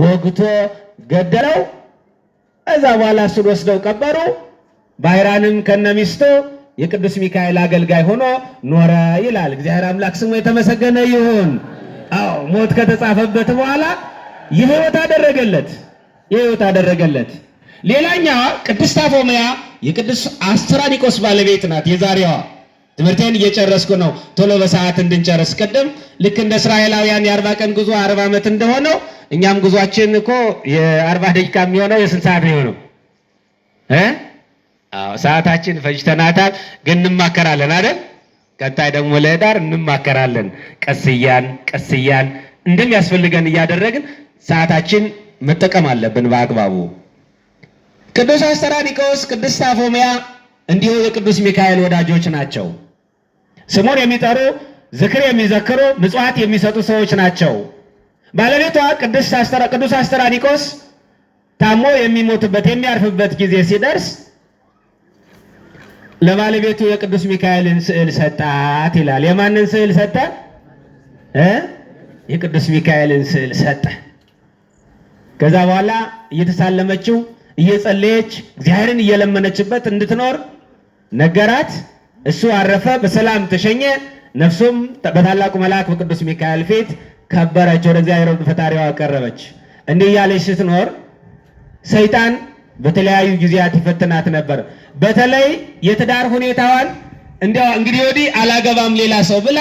ወግቶ ገደለው። እዛ በኋላ እሱን ወስደው ቀበሩ። ባይራንም ከነሚስቱ የቅዱስ ሚካኤል አገልጋይ ሆኖ ኖረ ይላል። እግዚአብሔር አምላክ ስሙ የተመሰገነ ይሁን። አዎ ሞት ከተጻፈበት በኋላ የህይወት አደረገለት፣ የህይወት አደረገለት። ሌላኛዋ ቅድስት አፎምያ የቅዱስ አስተራኒቆስ ባለቤት ናት። የዛሬዋ ትምህርቴን እየጨረስኩ ነው፣ ቶሎ በሰዓት እንድንጨርስ። ቅድም ልክ እንደ እስራኤላውያን የአርባ ቀን ጉዞ አርባ ዓመት እንደሆነው እኛም ጉዟችን እኮ የአርባ ደቂቃ የሚሆነው የስንት ሰዓት የሚሆነው ሰዓታችን ፈጅተናታል፣ ግን እንማከራለን አይደል? ቀጣይ ደግሞ ለህዳር እንማከራለን። ቀስያን ቀስያን እንደሚያስፈልገን እያደረግን ሰዓታችን መጠቀም አለብን በአግባቡ። ቅዱስ አስተራዲቆስ ቅዱስ ሳፎሚያ እንዲሁ የቅዱስ ሚካኤል ወዳጆች ናቸው። ስሙን የሚጠሩ ዝክር የሚዘክሩ ምጽዋት የሚሰጡ ሰዎች ናቸው። ባለቤቷ ቅዱስ አስተራኒቆስ ታሞ የሚሞትበት የሚያርፍበት ጊዜ ሲደርስ ለባለቤቱ የቅዱስ ሚካኤልን ስዕል ሰጣት ይላል። የማንን ስዕል ሰጠ? የቅዱስ ሚካኤልን ስዕል ሰጠ። ከዛ በኋላ እየተሳለመችው እየጸለየች እግዚአብሔርን እየለመነችበት እንድትኖር ነገራት። እሱ አረፈ፣ በሰላም ተሸኘ። ነፍሱም በታላቁ መልአክ በቅዱስ ሚካኤል ፊት ከበረች፣ ወደ እግዚአብሔር ፈጣሪዋ ቀረበች። እንዲህ እያለች ስትኖር ሰይጣን በተለያዩ ጊዜያት ይፈትናት ነበር። በተለይ የትዳር ሁኔታዋን እንዲያው እንግዲህ ወዲህ አላገባም ሌላ ሰው ብላ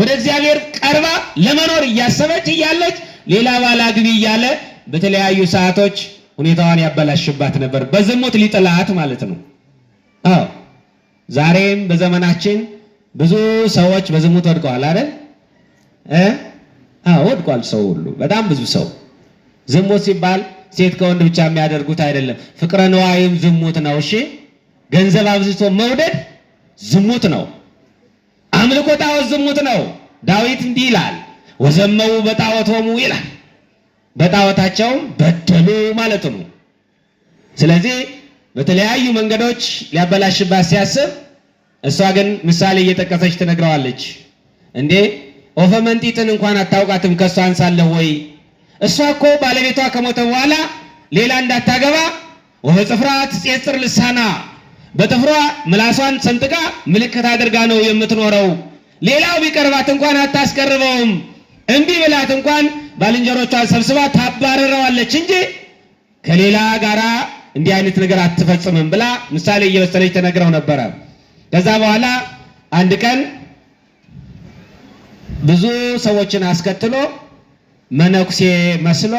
ወደ እግዚአብሔር ቀርባ ለመኖር እያሰበች እያለች ሌላ ባላግቢ እያለ በተለያዩ ሰዓቶች ሁኔታዋን ያበላሽባት ነበር። በዝሙት ሊጥላት ማለት ነው። አዎ ዛሬም በዘመናችን ብዙ ሰዎች በዝሙት ወድቀዋል አይደል? ወድቋል ሰው ሁሉ፣ በጣም ብዙ ሰው። ዝሙት ሲባል ሴት ከወንድ ብቻ የሚያደርጉት አይደለም። ፍቅረ ነዋይም ዝሙት ነው። እሺ፣ ገንዘብ አብዝቶ መውደድ ዝሙት ነው። አምልኮ ጣዖት ዝሙት ነው። ዳዊት እንዲህ ይላል፣ ወዘመው በጣዖቶሙ ይላል። በጣዖታቸውም በደሉ ማለት ነው። ስለዚህ በተለያዩ መንገዶች ሊያበላሽባት ሲያስብ እሷ ግን ምሳሌ እየጠቀሰች ትነግረዋለች እንዴ መንጢጥን እንኳን አታውቃትም። ከእሷ አንሳለሁ ወይ? እሷ እኮ ባለቤቷ ከሞተ በኋላ ሌላ እንዳታገባ ወፈ ጽፍራት ትጼጽር ልሳና በጥፍሯ ምላሷን ሰንጥቃ ምልክት አድርጋ ነው የምትኖረው። ሌላው ቢቀርባት እንኳን አታስቀርበውም። እምቢ ብላት እንኳን ባልንጀሮቿን ሰብስባ ታባረረዋለች እንጂ ከሌላ ጋራ እንዲህ አይነት ነገር አትፈጽምም ብላ ምሳሌ እየመሰለች ተነግረው ነበረ። ከዛ በኋላ አንድ ቀን ብዙ ሰዎችን አስከትሎ መነኩሴ መስሎ